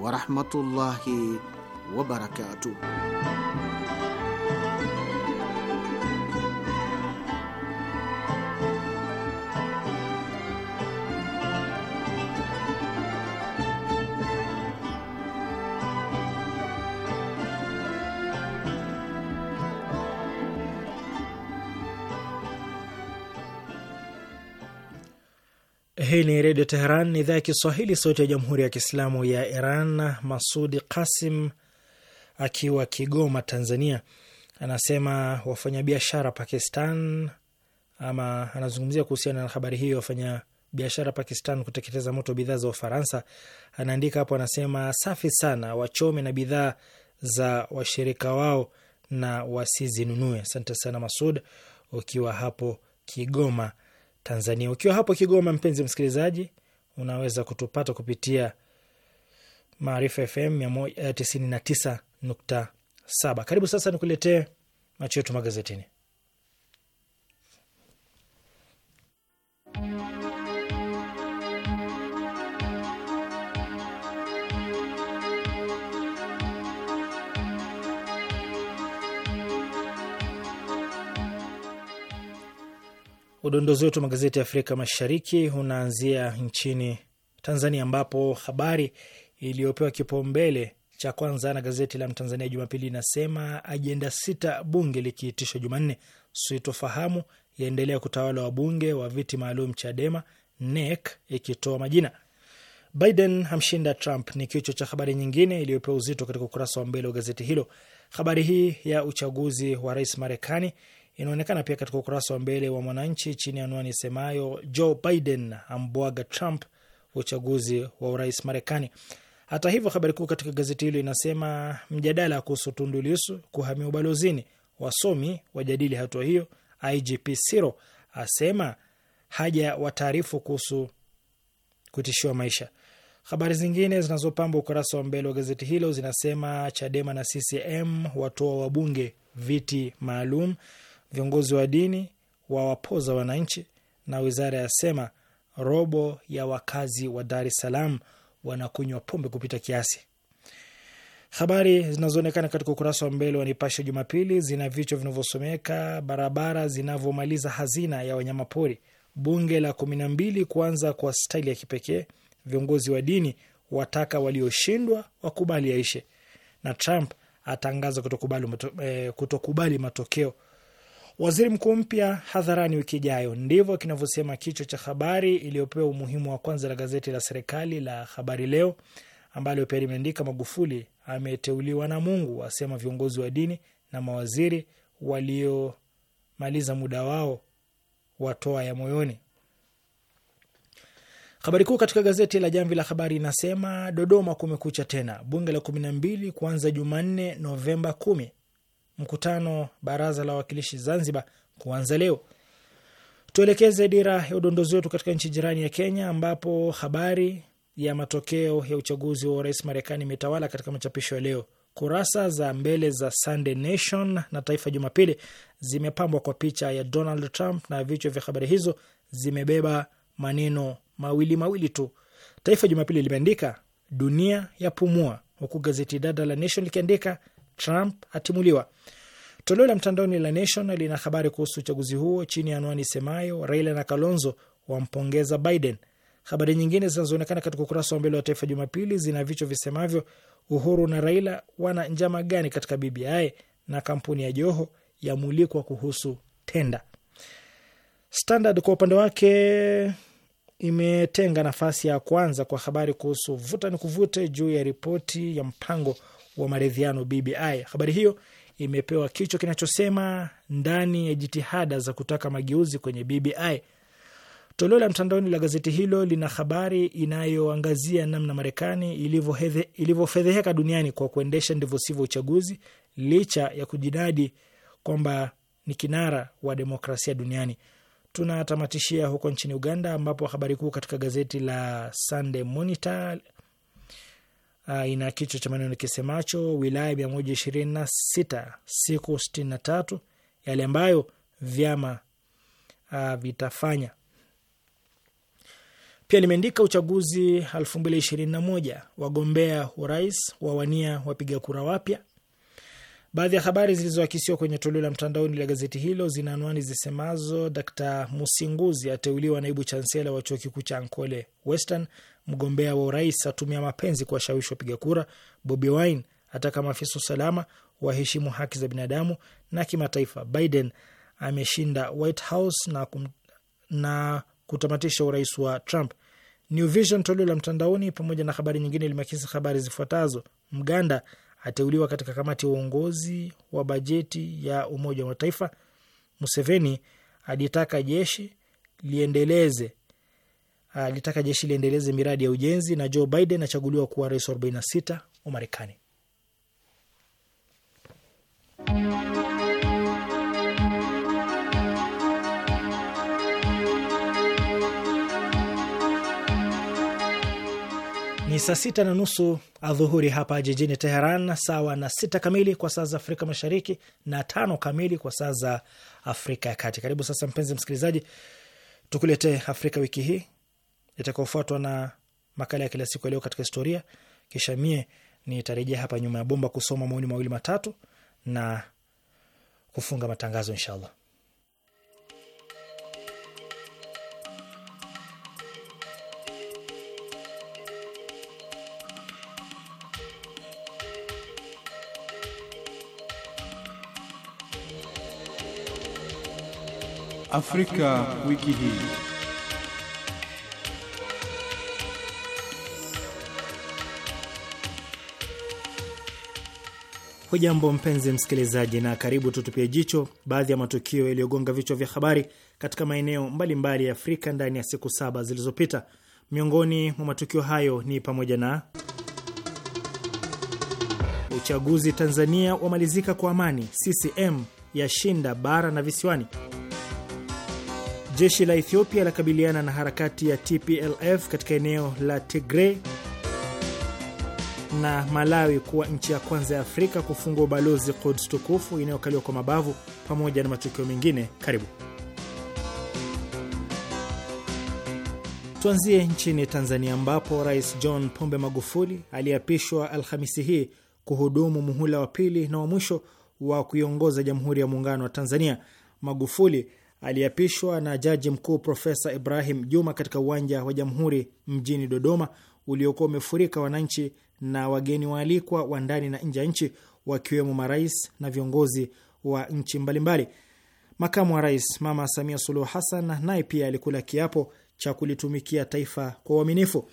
warahmatullahi wabarakatu Hii ni Redio Teheran, idhaa ya Kiswahili, sauti ya Jamhuri ya Kiislamu ya Iran. Masudi Kasim akiwa Kigoma, Tanzania, anasema wafanyabiashara Pakistan, ama anazungumzia kuhusiana na habari hiyo wafanya biashara Pakistan kuteketeza moto bidhaa za Ufaransa. Anaandika hapo, anasema safi sana, wachome na bidhaa za washirika wao na wasizinunue. Asante sana Masud, ukiwa hapo Kigoma, Tanzania. Ukiwa hapo Kigoma, mpenzi msikilizaji, unaweza kutupata kupitia Maarifa FM 99 nukta saba. Karibu sasa nikuletee macho yetu magazetini. Udondozi wetu magazeti ya Afrika Mashariki unaanzia nchini Tanzania, ambapo habari iliyopewa kipaumbele cha kwanza na gazeti la Mtanzania Jumapili inasema ajenda sita bunge likiitishwa Jumanne, sitofahamu yaendelea kutawala wabunge wa viti maalum Chadema, NEC ikitoa majina. Biden hamshinda Trump ni kichwa cha habari nyingine iliyopewa uzito katika ukurasa wa mbele wa gazeti hilo. Habari hii ya uchaguzi wa rais Marekani inaonekana pia katika ukurasa wa mbele wa Mwananchi chini ya anwani semayo Joe Biden ambwaga Trump uchaguzi wa urais Marekani. Hata hivyo, habari kuu katika gazeti hilo inasema mjadala kuhusu Tundu Lissu kuhamia ubalozini, wasomi wajadili hatua hiyo. IGP Siro asema haja taarifu kuhusu kutishiwa maisha. Habari zingine zinazopamba ukurasa wa mbele wa gazeti hilo zinasema Chadema na CCM watoa wabunge viti maalum, viongozi wa dini wawapoza wananchi, na wizara yasema robo ya wakazi wa Dar es Salaam wanakunywa pombe kupita kiasi. Habari zinazoonekana katika ukurasa wa mbele wa Nipashe Jumapili zina vichwa vinavyosomeka barabara zinavyomaliza hazina ya wanyamapori, bunge la kumi na mbili kuanza kwa staili ya kipekee, viongozi wa dini wataka walioshindwa wakubali yaishe, na Trump atangaza kutokubali, eh, kutokubali matokeo Waziri mkuu mpya hadharani wiki ijayo, ndivyo kinavyosema kichwa cha habari iliyopewa umuhimu wa kwanza la gazeti la serikali la Habari Leo, ambalo pia limeandika Magufuli ameteuliwa na Mungu, asema viongozi wa dini na mawaziri waliomaliza muda wao watoa ya moyoni. Habari kuu katika gazeti la Jamvi la Habari inasema Dodoma kumekucha tena, bunge la kumi na mbili kuanza Jumanne Novemba kumi mkutano baraza la wawakilishi Zanzibar kuanza leo. Tuelekeze dira ya udondozi wetu katika nchi jirani ya Kenya, ambapo habari ya matokeo ya uchaguzi wa rais Marekani imetawala katika machapisho ya leo. Kurasa za mbele za Sunday Nation na Taifa Jumapili zimepambwa kwa picha ya Donald Trump na vichwa vya habari hizo zimebeba maneno mawili mawili tu. Taifa Jumapili limeandika dunia ya pumua, huku gazeti dada la Nation likiandika Trump atimuliwa. Toleo la mtandaoni la Nation lina habari kuhusu uchaguzi huo chini ya anwani semayo Raila na Kalonzo wampongeza Biden. Habari nyingine zinazoonekana katika ukurasa wa mbele wa Taifa Jumapili zina vichwa visemavyo Uhuru na Raila wana njama gani katika BBI na kampuni ya Joho yamulikwa kuhusu tenda. Standard kwa upande wake imetenga nafasi ya kwanza kwa habari kuhusu vuta ni kuvute juu ya ripoti ya mpango wa maridhiano BBI. Habari hiyo imepewa kichwa kinachosema ndani ya jitihada za kutaka mageuzi kwenye BBI. Toleo la mtandaoni la gazeti hilo lina habari inayoangazia namna Marekani ilivyofedheheka duniani kwa kuendesha ndivosivo uchaguzi licha ya kujinadi kwamba ni kinara wa demokrasia duniani. Tunatamatishia huko nchini Uganda, ambapo habari kuu katika gazeti la Sunday Monitor uh, ina kichwa cha maneno kisemacho wilaya mia moja ishirini na sita siku sitini na tatu yale ambayo vyama uh, vitafanya. Pia limeandika uchaguzi elfu mbili ishirini na moja wagombea urais wawania wapiga kura wapya. Baadhi ya habari zilizoakisiwa kwenye toleo la mtandaoni la gazeti hilo zina anwani zisemazo: d Musinguzi ateuliwa naibu chansela wa chuo kikuu cha Ankole Western, mgombea wa urais atumia mapenzi kuwashawishi wapiga kura. Bobi Wine ataka maafisa usalama waheshimu haki za binadamu. Na kimataifa, Biden ameshinda White House na, kum, na kutamatisha urais wa Trump. New Vision toleo la mtandaoni pamoja na habari nyingine limeakisi habari zifuatazo: Mganda ateuliwa katika kamati ya uongozi wa bajeti ya Umoja wa Mataifa. Museveni alitaka jeshi liendeleze alitaka jeshi liendeleze miradi ya ujenzi na Joe Biden achaguliwa kuwa rais wa 46 wa Marekani. Ni saa sita na nusu adhuhuri hapa jijini Teheran, sawa na sita kamili kwa saa za Afrika Mashariki na tano kamili kwa saa za Afrika ya Kati. Karibu sasa, mpenzi msikilizaji, tukuletee Afrika wiki hii itakaofuatwa na makala ya kila siku ya leo katika historia. Kisha mie nitarejea hapa nyuma ya bomba kusoma maoni mawili matatu na kufunga matangazo inshallah. Afrika, Afrika wiki hii. Hujambo mpenzi msikilizaji, na karibu tutupie jicho baadhi ya matukio yaliyogonga vichwa vya habari katika maeneo mbalimbali ya Afrika ndani ya siku saba zilizopita. Miongoni mwa matukio hayo ni pamoja na uchaguzi Tanzania wamalizika kwa amani, CCM yashinda bara na visiwani, jeshi la Ethiopia lakabiliana na harakati ya TPLF katika eneo la Tigray na Malawi kuwa nchi ya kwanza ya Afrika kufungua ubalozi Quds tukufu inayokaliwa kwa mabavu, pamoja na matukio mengine. Karibu tuanzie nchini Tanzania, ambapo Rais John Pombe Magufuli aliyeapishwa Alhamisi hii kuhudumu muhula wa pili na wa mwisho wa kuiongoza Jamhuri ya Muungano wa Tanzania. Magufuli aliapishwa na Jaji Mkuu Profesa Ibrahim Juma katika uwanja wa Jamhuri mjini Dodoma uliokuwa umefurika wananchi na wageni waalikwa wa ndani na nje ya nchi wakiwemo marais na viongozi wa nchi mbalimbali. Makamu wa rais Mama Samia Suluhu Hassan naye pia alikula kiapo cha kulitumikia taifa kwa uaminifu.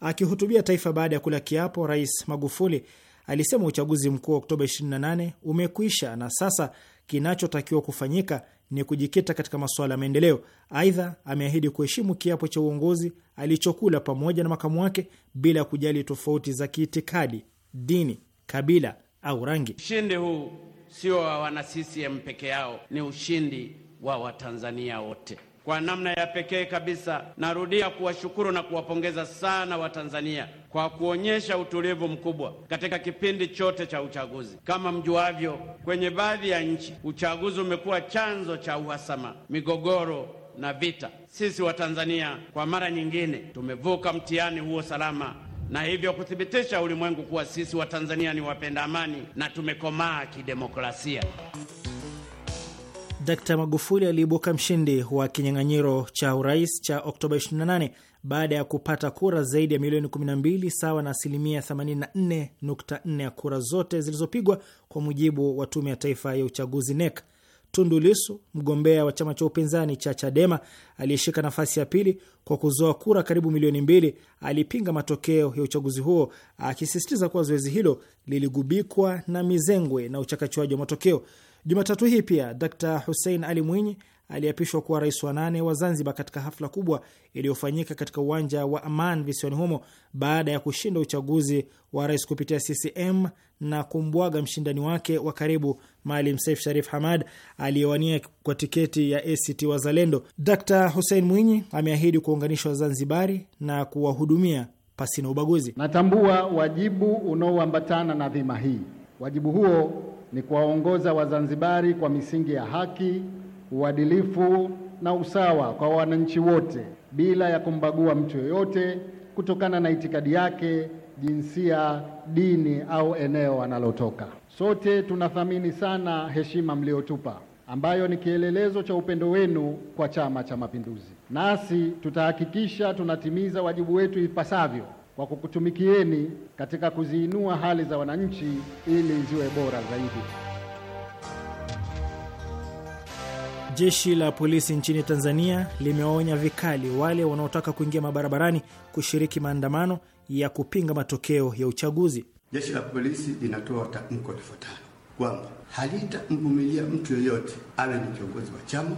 Akihutubia taifa baada ya kula kiapo, Rais Magufuli alisema uchaguzi mkuu wa Oktoba 28 umekwisha na sasa kinachotakiwa kufanyika ni kujikita katika masuala ya maendeleo. Aidha, ameahidi kuheshimu kiapo cha uongozi alichokula pamoja na makamu wake bila ya kujali tofauti za kiitikadi, dini, kabila au rangi. Ushindi huu sio wa wana CCM peke yao, ni ushindi wa Watanzania wote. Kwa namna ya pekee kabisa, narudia kuwashukuru na kuwapongeza sana Watanzania kwa kuonyesha utulivu mkubwa katika kipindi chote cha uchaguzi. Kama mjuavyo, kwenye baadhi ya nchi uchaguzi umekuwa chanzo cha uhasama, migogoro na vita. Sisi Watanzania kwa mara nyingine tumevuka mtihani huo salama na hivyo kuthibitisha ulimwengu kuwa sisi Watanzania ni wapenda amani na tumekomaa kidemokrasia. Dkt. Magufuli aliibuka mshindi wa kinyang'anyiro cha urais cha Oktoba 28 baada ya kupata kura zaidi ya milioni 12 sawa na asilimia 84.4 ya kura zote zilizopigwa kwa mujibu wa tume ya taifa ya uchaguzi NEC. Tundu Lisu, mgombea wa chama cha upinzani cha Chadema aliyeshika nafasi ya pili kwa kuzoa kura karibu milioni mbili, alipinga matokeo ya uchaguzi huo akisisitiza kuwa zoezi hilo liligubikwa na mizengwe na uchakachuaji wa matokeo. Jumatatu hii pia d Hussein Ali Mwinyi aliapishwa kuwa rais wa nane wa Zanzibar katika hafla kubwa iliyofanyika katika uwanja wa Aman visiwani humo baada ya kushinda uchaguzi wa rais kupitia CCM na kumbwaga mshindani wake wa karibu Maalim Seif Sharif Hamad aliyewania kwa tiketi ya ACT Wazalendo. Dkt Hussein Mwinyi ameahidi kuunganisha Wazanzibari na kuwahudumia pasina ubaguzi. Natambua wajibu unaoambatana na dhima hii. Wajibu huo ni kuwaongoza Wazanzibari kwa misingi ya haki uadilifu na usawa kwa wananchi wote bila ya kumbagua mtu yoyote kutokana na itikadi yake, jinsia, dini au eneo analotoka. Sote tunathamini sana heshima mliotupa ambayo ni kielelezo cha upendo wenu kwa Chama cha Mapinduzi, nasi tutahakikisha tunatimiza wajibu wetu ipasavyo kwa kukutumikieni katika kuziinua hali za wananchi ili ziwe bora zaidi. Jeshi la polisi nchini Tanzania limewaonya vikali wale wanaotaka kuingia mabarabarani kushiriki maandamano ya kupinga matokeo ya uchaguzi. Jeshi la polisi linatoa tamko lifuatalo kwamba halitamvumilia mtu yeyote, awe ni kiongozi wa chama,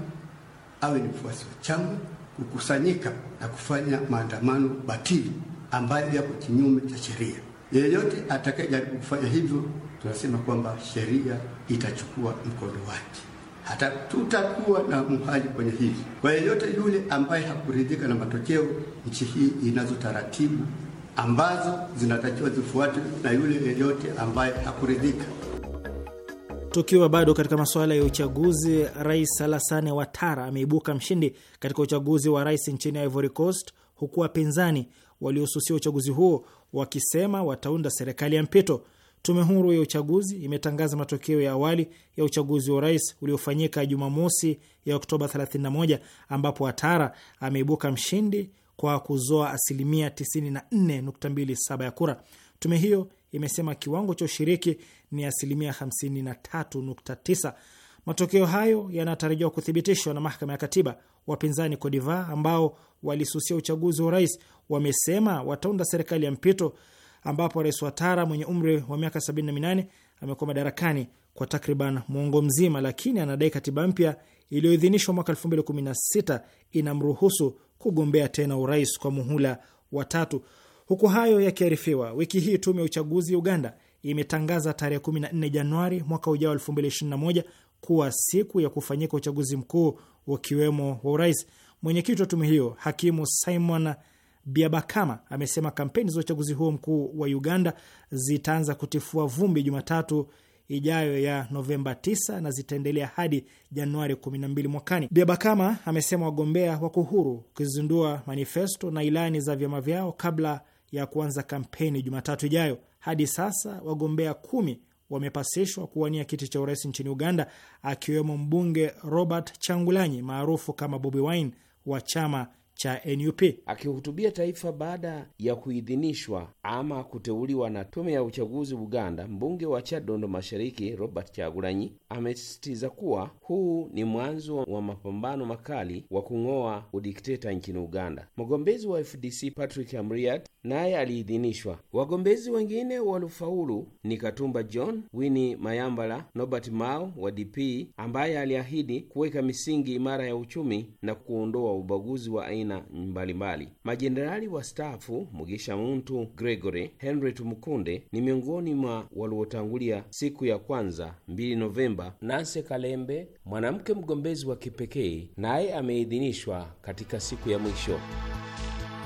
awe ni mfuasi wa chama, kukusanyika na kufanya maandamano batili ambayo yako kinyume cha sheria. Yeyote atakayejaribu kufanya hivyo, tunasema kwamba sheria itachukua mkondo wake hata tutakuwa na muhali kwenye hili. Kwa yeyote yule ambaye hakuridhika na matokeo, nchi hii inazo taratibu ambazo zinatakiwa zifuatwe na yule yeyote ambaye hakuridhika. Tukiwa bado katika masuala ya uchaguzi, Rais Alassane Ouattara ameibuka mshindi katika uchaguzi wa rais nchini Ivory Coast, huku wapinzani waliosusia uchaguzi huo wakisema wataunda serikali ya mpito. Tume huru ya uchaguzi imetangaza matokeo ya awali ya uchaguzi wa urais uliofanyika Jumamosi ya Oktoba 31 ambapo Atara ameibuka mshindi kwa kuzoa asilimia 94.27 ya kura. Tume hiyo imesema kiwango cha ushiriki ni asilimia 53.9. Matokeo hayo yanatarajiwa kuthibitishwa na mahakama ya katiba. Wapinzani Kodiva ambao walisusia uchaguzi wa urais wamesema wataunda serikali ya mpito ambapo rais Watara mwenye umri wa miaka 78 amekuwa madarakani kwa takriban mwongo mzima, lakini anadai katiba mpya iliyoidhinishwa mwaka 2016 inamruhusu kugombea tena urais kwa muhula wa tatu. Huku hayo yakiarifiwa, wiki hii tume ya uchaguzi Uganda imetangaza tarehe 14 Januari mwaka ujao 2021 kuwa siku ya kufanyika uchaguzi mkuu ukiwemo wa urais. Mwenyekiti wa tume hiyo hakimu Simon Biabakama amesema kampeni za uchaguzi huo mkuu wa Uganda zitaanza kutifua vumbi Jumatatu ijayo ya Novemba 9 na zitaendelea hadi Januari 12 mwakani. Biabakama amesema wagombea wako huru kuzindua manifesto na ilani za vyama vyao kabla ya kuanza kampeni Jumatatu ijayo. Hadi sasa wagombea kumi wamepasishwa kuwania kiti cha urais nchini Uganda, akiwemo mbunge Robert Changulanyi maarufu kama Bobi Wine wa chama cha NUP. Akihutubia taifa baada ya kuidhinishwa ama kuteuliwa na tume ya uchaguzi Uganda, mbunge wa Chadondo Mashariki Robert Chagulanyi amesisitiza kuwa huu ni mwanzo wa mapambano makali wa kung'oa udikteta nchini Uganda. Mgombezi wa FDC Patrick Amriat naye aliidhinishwa. Wagombezi wengine waliofaulu ni Katumba John, Winnie Mayambala, nobert Mao wa DP ambaye aliahidi kuweka misingi imara ya uchumi na kuondoa ubaguzi wa aina aina mbalimbali. Majenerali wastaafu Mugisha Muntu, Gregory Henry Tumukunde ni miongoni mwa waliotangulia siku ya kwanza 2 Novemba. Nanse Kalembe, mwanamke mgombezi wa kipekee, naye ameidhinishwa katika siku ya mwisho.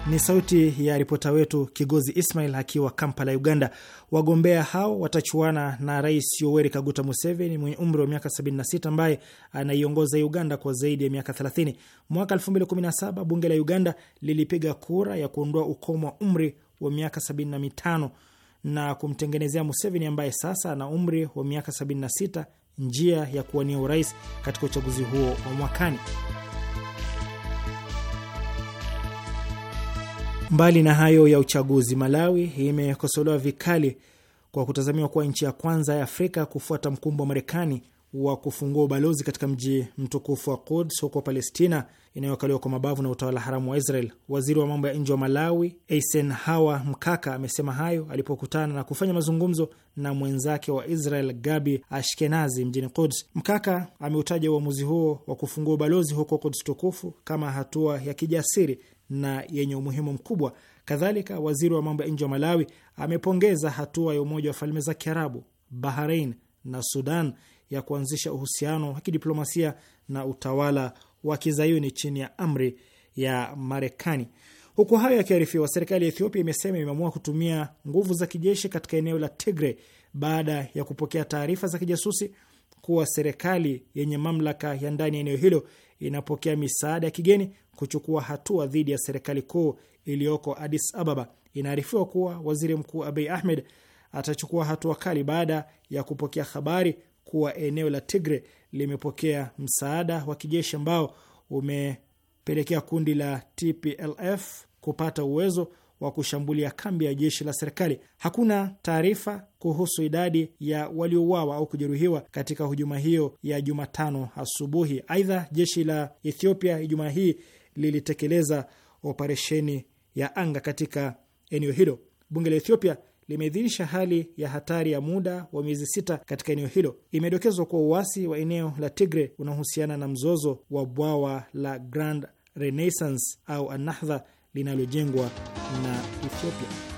Ni sauti ya ripota wetu Kigozi Ismail akiwa Kampala, Uganda. Wagombea hao watachuana na Rais Yoweri Kaguta Museveni mwenye umri wa miaka 76 ambaye anaiongoza Uganda kwa zaidi ya miaka 30. Mwaka 2017 bunge la Uganda lilipiga kura ya kuondoa ukomo wa umri wa miaka 75 na kumtengenezea Museveni ambaye sasa ana umri wa miaka 76 njia ya kuwania urais katika uchaguzi huo wa mwakani. Mbali na hayo ya uchaguzi, Malawi imekosolewa vikali kwa kutazamiwa kuwa nchi ya kwanza ya Afrika kufuata mkumbo wa Marekani wa kufungua ubalozi katika mji mtukufu wa Quds huko Palestina inayokaliwa kwa mabavu na utawala haramu wa Israel. Waziri wa mambo ya nje wa Malawi Eisenhower Mkaka amesema hayo alipokutana na kufanya mazungumzo na mwenzake wa Israel Gabi Ashkenazi mjini Quds. Mkaka ameutaja uamuzi huo wa kufungua ubalozi huko Quds tukufu kama hatua ya kijasiri na yenye umuhimu mkubwa. Kadhalika, waziri wa mambo ya nje wa Malawi amepongeza hatua ya Umoja wa Falme za Kiarabu, Bahrain na Sudan ya kuanzisha uhusiano wa kidiplomasia na utawala wa kizayuni chini ya amri ya Marekani. Huku hayo yakiarifiwa, serikali ya Ethiopia imesema imeamua kutumia nguvu za kijeshi katika eneo la Tigre baada ya kupokea taarifa za kijasusi kuwa serikali yenye mamlaka ya ndani ya eneo hilo inapokea misaada ya kigeni kuchukua hatua dhidi ya serikali kuu iliyoko Addis Ababa. Inaarifiwa kuwa waziri mkuu Abiy Ahmed atachukua hatua kali baada ya kupokea habari kuwa eneo la Tigre limepokea msaada wa kijeshi ambao umepelekea kundi la TPLF kupata uwezo wa kushambulia kambi ya jeshi la serikali. Hakuna taarifa kuhusu idadi ya waliouawa au kujeruhiwa katika hujuma hiyo ya Jumatano asubuhi. Aidha, jeshi la Ethiopia Ijumaa hii lilitekeleza operesheni ya anga katika eneo hilo. Bunge la Ethiopia limeidhinisha hali ya hatari ya muda wa miezi sita katika eneo hilo. Imedokezwa kuwa uasi wa eneo la Tigre unaohusiana na mzozo wa bwawa la Grand Renaissance au Anahdha linalojengwa na Ethiopia.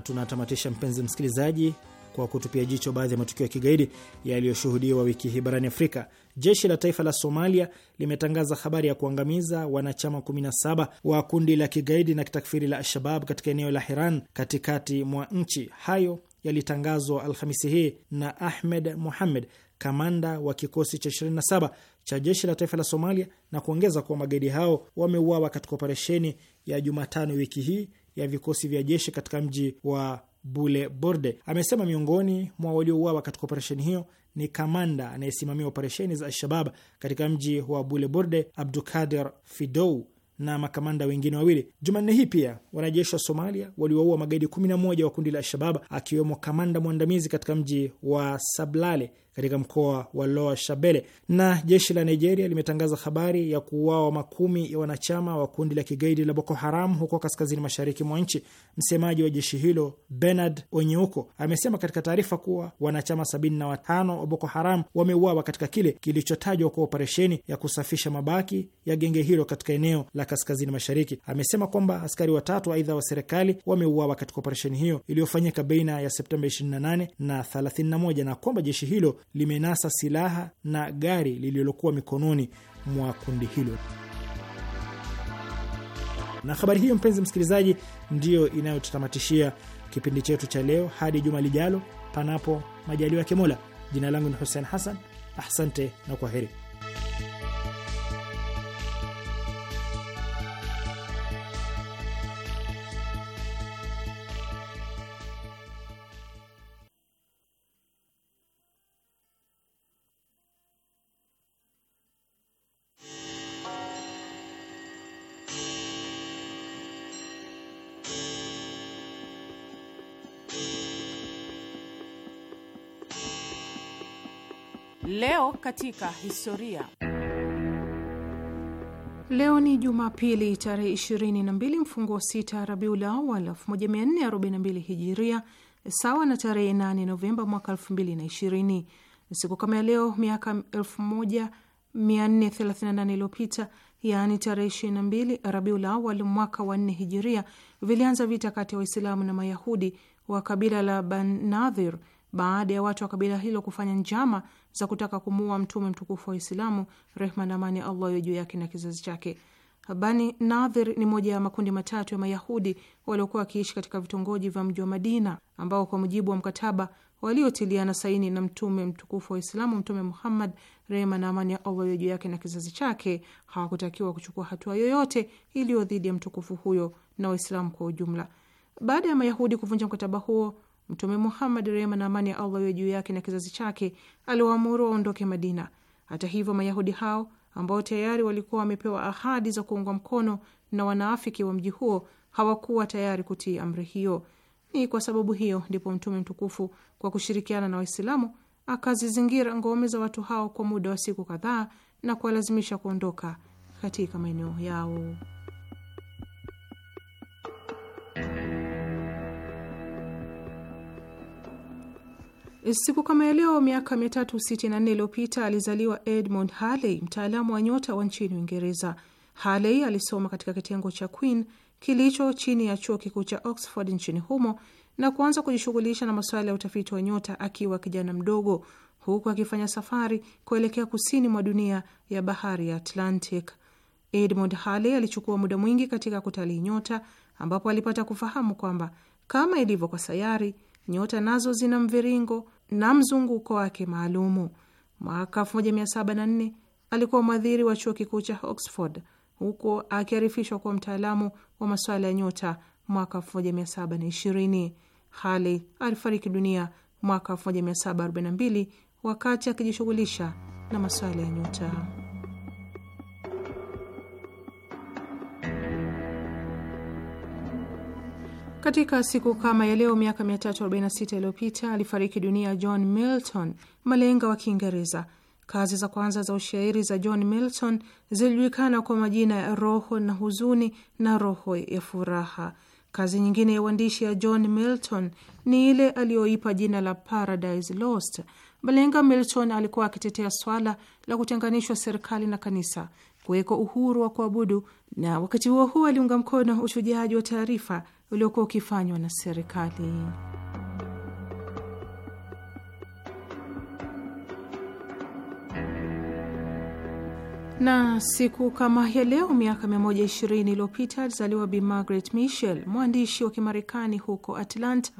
tunatamatisha, mpenzi msikilizaji, kwa kutupia jicho baadhi ya matukio ya kigaidi yaliyoshuhudiwa wiki hii barani Afrika. Jeshi la taifa la Somalia limetangaza habari ya kuangamiza wanachama 17 wa kundi la kigaidi na kitakfiri la Al-Shabab katika eneo la Hiran katikati mwa nchi. Hayo yalitangazwa Alhamisi hii na Ahmed muhamed kamanda wa kikosi cha 27 cha jeshi la taifa la Somalia, na kuongeza kuwa magaidi hao wameuawa katika operesheni ya Jumatano wiki hii ya vikosi vya jeshi katika mji wa Bule Borde. Amesema miongoni mwa waliouawa katika operesheni hiyo ni kamanda anayesimamia operesheni za Alshabab katika mji wa Bule Borde, Abdukader Fidou na makamanda wengine wawili. Jumanne hii pia wanajeshi wa Somalia waliwaua magaidi 11 wa kundi la Al-Shabab, akiwemo kamanda mwandamizi katika mji wa Sablale katika mkoa wa Loa Shabele. Na jeshi la Nigeria limetangaza habari ya kuuawa makumi ya wanachama wa kundi la kigaidi la Boko Haram huko kaskazini mashariki mwa nchi. Msemaji wa jeshi hilo Bernard Onyeuko amesema katika taarifa kuwa wanachama 75 wa Boko Haram wameuawa katika kile kilichotajwa kuwa operesheni ya kusafisha mabaki ya genge hilo katika eneo la kaskazini mashariki, amesema kwamba askari watatu aidha wa serikali wameuawa katika operesheni hiyo iliyofanyika baina ya Septemba 28 na 31 na kwamba jeshi hilo limenasa silaha na gari lililokuwa mikononi mwa kundi hilo. Na habari hiyo, mpenzi msikilizaji, ndiyo inayotutamatishia kipindi chetu cha leo hadi juma lijalo, panapo majaliwa ya Mola. Jina langu ni Hussein Hassan, asante na kwa heri Leo katika historia. Leo ni Jumapili tarehe 22 wa sita Rabiul Awal 1442 Hijiria, sawa na tarehe 8 Novemba mwaka 2020. Siku kama ya leo miaka 1438 iliyopita, yaani tarehe 22 Rabiul Awal mwaka wa 4 Hijiria, vilianza vita kati ya Waislamu na Mayahudi wa kabila la Banadhir baada ya watu wa kabila hilo kufanya njama za kutaka kumuua mtume mtukufu wa Uislamu, rehma na amani Allah iwe juu yake na kizazi chake. Bani Nadhir ni moja ya makundi matatu ya Mayahudi waliokuwa wakiishi katika vitongoji vya mji wa Madina, ambao kwa mujibu wa mkataba waliotiliana saini na mtume mtukufu wa Islamu, Mtume Muhammad, rehma na amani ya Allah iwe juu yake na kizazi chake, hawakutakiwa kuchukua hatua yoyote iliyo dhidi ya mtukufu huyo na Waislamu kwa ujumla. Baada ya Mayahudi kuvunja mkataba huo Mtume Muhammad, rehma na amani ya Allah iwe juu yake na kizazi chake, aliwaamuru waondoke Madina. Hata hivyo, Mayahudi hao ambao tayari walikuwa wamepewa ahadi za kuungwa mkono na wanaafiki wa mji huo hawakuwa tayari kutii amri hiyo. Ni kwa sababu hiyo ndipo Mtume mtukufu kwa kushirikiana na Waislamu akazizingira ngome za watu hao kwa muda wa siku kadhaa na kuwalazimisha kuondoka katika maeneo yao. Eh, siku kama ya leo miaka 364 iliyopita alizaliwa Edmund Halley, mtaalamu wa nyota wa nchini Uingereza. Halley alisoma katika kitengo cha Queen kilicho chini ya chuo kikuu cha Oxford nchini humo na kuanza kujishughulisha na masuala ya utafiti wa nyota akiwa kijana mdogo, huku akifanya safari kuelekea kusini mwa dunia ya bahari ya Atlantic. Edmund Halley alichukua muda mwingi katika kutalii nyota, ambapo alipata kufahamu kwamba kama ilivyo kwa sayari Nyota nazo zina mviringo na mzunguko wake maalumu. Mwaka 1704 alikuwa mwadhiri wa chuo kikuu cha Oxford, huku akiarifishwa kuwa mtaalamu wa masuala ya nyota mwaka 1720. Halley alifariki dunia mwaka 1742 wakati akijishughulisha na masuala ya nyota. Katika siku kama ya leo miaka 346 iliyopita alifariki dunia John Milton, malenga wa Kiingereza. Kazi za kwanza za ushairi za John Milton zilijulikana kwa majina ya Roho na Huzuni na Roho ya Furaha. Kazi nyingine ya uandishi ya John Milton ni ile aliyoipa jina la Paradise Lost. Malenga Milton alikuwa akitetea swala la kutenganishwa serikali na kanisa, kuwekwa uhuru wa kuabudu, na wakati huo huo aliunga mkono uchujaji wa taarifa uliokuwa ukifanywa na serikali. Na siku kama ya leo miaka 120 iliyopita alizaliwa Bi Margaret Mitchell, mwandishi wa Kimarekani huko Atlanta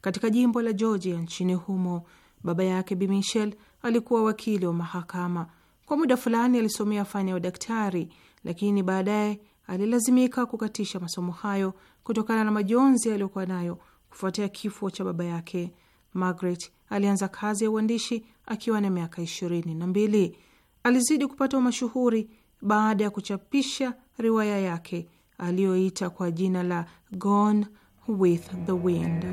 katika jimbo la Georgia nchini humo. Baba yake Bi Mitchell alikuwa wakili wa mahakama. Kwa muda fulani alisomea fani ya udaktari, lakini baadaye alilazimika kukatisha masomo hayo kutokana na majonzi aliyokuwa nayo kufuatia kifo cha baba yake. Margaret alianza kazi ya uandishi akiwa na miaka ishirini na mbili. Alizidi kupata umashuhuri baada ya kuchapisha riwaya yake aliyoita kwa jina la Gone with the Wind.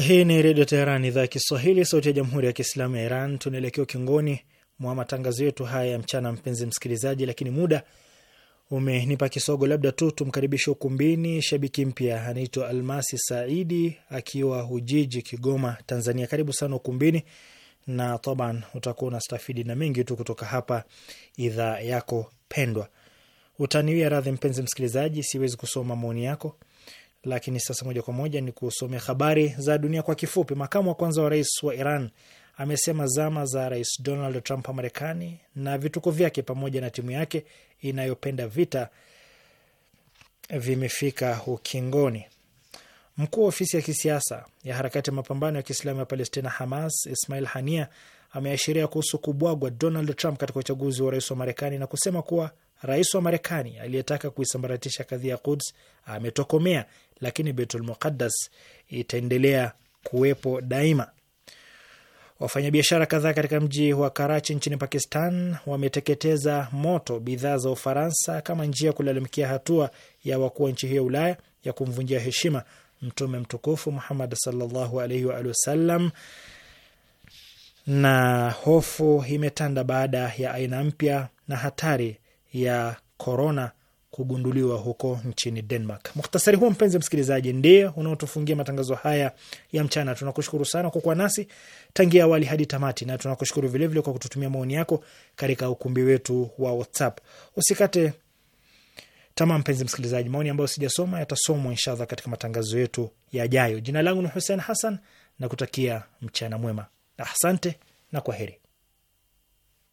Hii ni Redio Teheran, idhaa ya Kiswahili, sauti ya Jamhuri ya Kiislamu ya Iran. Tunaelekea ukingoni mwa matangazo yetu haya ya mchana, mpenzi msikilizaji, lakini muda umenipa kisogo. Labda tu tumkaribishe ukumbini shabiki mpya, anaitwa Almasi Saidi akiwa Ujiji, Kigoma, Tanzania. Karibu sana ukumbini, na taban utakuwa unastafidi na mengi tu kutoka hapa idhaa yako pendwa. Utaniwia radhi mpenzi msikilizaji, siwezi kusoma maoni yako lakini sasa moja kwa moja ni kusomea habari za dunia kwa kifupi. Makamu wa kwanza wa rais wa Iran amesema zama za Rais Donald Trump wa Marekani na vituko vyake pamoja na timu yake inayopenda vita vimefika ukingoni. Mkuu wa ofisi ya kisiasa ya harakati ya mapambano ya Kiislamu ya Palestina, Hamas, Ismail Hania ameashiria kuhusu kubwagwa Donald Trump katika uchaguzi wa rais wa Marekani na kusema kuwa rais wa Marekani aliyetaka kuisambaratisha kadhia ya Quds ametokomea lakini Beitul Muqaddas itaendelea kuwepo daima. Wafanyabiashara kadhaa katika mji wa Karachi nchini Pakistan wameteketeza moto bidhaa za Ufaransa kama njia ya kulalamikia hatua ya wakuu wa nchi hiyo Ulaya ya kumvunjia heshima Mtume mtukufu Muhammad sallallahu alaihi wa alihi wasallam, na hofu imetanda baada ya aina mpya na hatari ya korona kugunduliwa huko nchini Denmark. Mukhtasari huo mpenzi msikilizaji, ndiye unaotufungia matangazo haya ya mchana. Tunakushukuru sana kwa kuwa nasi tangia awali hadi tamati, na tunakushukuru vilevile kwa kututumia maoni yako katika ukumbi wetu wa WhatsApp. Usikate tamaa mpenzi msikilizaji, maoni ambayo sijasoma yatasomwa inshallah katika matangazo yetu yajayo. Jina langu ni Hussein Hassan na kutakia mchana mwema, asante na kwaheri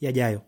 yajayo.